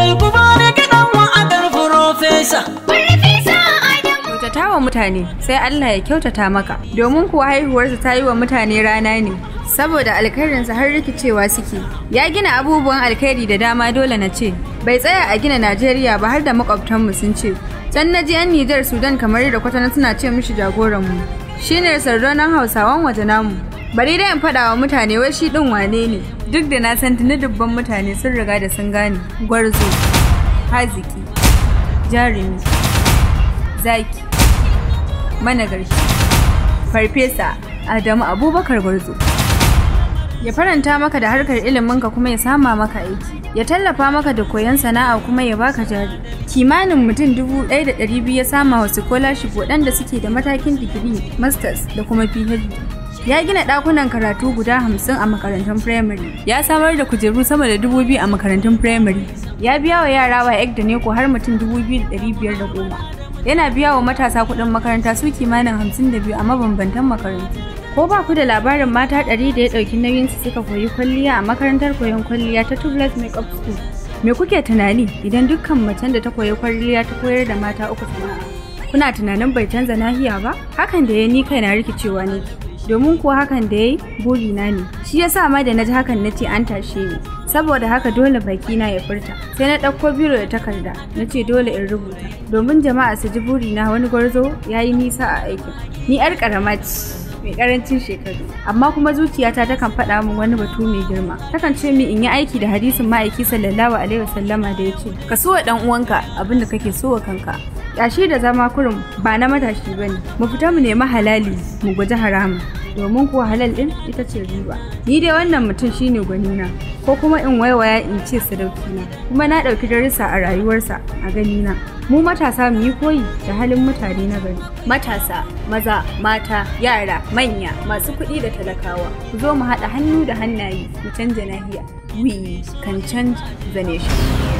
Kai wa'adar Furofesa. wa mutane sai Allah ya kyautata maka. Domin kuwa haihuwarsa ta yi wa mutane rana ne. Saboda alkhairinsa har rikicewa suke. Ya gina abubuwan alkhairi da dama dole na ce. Bai tsaya a gina Najeriya ba har da makwabtanmu sun ce. Can na ji 'yan Nijar Sudan kamar da kwatana suna ce mishi jagoranmu. Shi ne sardonan Hausawan waje namu. bari dai in faɗa wa mutane wai shi ɗin wane ne duk da na san tuni dubban mutane sun riga da sun gane gwarzo haziki jarumi zaki managarshi farfesa adamu abubakar gwarzo ya faranta maka da harkar iliminka kuma ya sama maka aiki ya tallafa maka da koyon sana'a kuma ya baka jari kimanin mutum dubu ɗaya da ɗari biyu ya sama wasu kolashi waɗanda suke da matakin digiri masters da kuma phd ya gina ɗakunan karatu guda hamsin a makarantun firamare ya samar da kujeru sama da dubu biyu a makarantun firamare ya biya wa yara wa ek da neko har mutum dubu biyu da ɗari biyar da goma yana biya wa matasa kuɗin makaranta su kimanin hamsin da biyu a mabambantan makarantu ko ba ku da labarin mata ɗari da ya ɗauki nauyin su suka koyi kwalliya a makarantar koyon kwalliya ta tubeless makeup school me kuke tunani idan dukkan macen da ta koyi kwalliya ta koyar da mata uku sana'a kuna tunanin bai canza nahiya ba hakan da ya ni kai na rikicewa ne domin kuwa hakan da ya yi na ne shi ya sa ma da na ji hakan na ce an tashe ni saboda haka dole baki na ya furta sai na ɗauko biro da takarda na ce dole in rubuta domin jama'a su ji buri na wani gwarzo ya yi nisa a aikin ni 'yar ƙarama mai karancin shekaru amma kuma zuciyata takan faɗa min wani batu mai girma takan ce min in yi aiki da hadisin ma'aiki sallallahu alaihi wasallama da yake ka so wa dan uwanka abin da kake so wa kanka yashi da zama kurum ba na matashi bane mu fita mu nemi halali mu guji harama domin kuwa halal din ita ce riba ni dai wannan mutum shine gwanina ko kuma in waiwaya in ce na. kuma na ɗauki darussa a rayuwarsa a ganina mu matasa mu yi koyi da halin mutane na gari. Matasa, maza, mata, yara, manya, masu kuɗi da talakawa, ku zo mu haɗa hannu da hannaye mu canja nahiya. We can change the nation.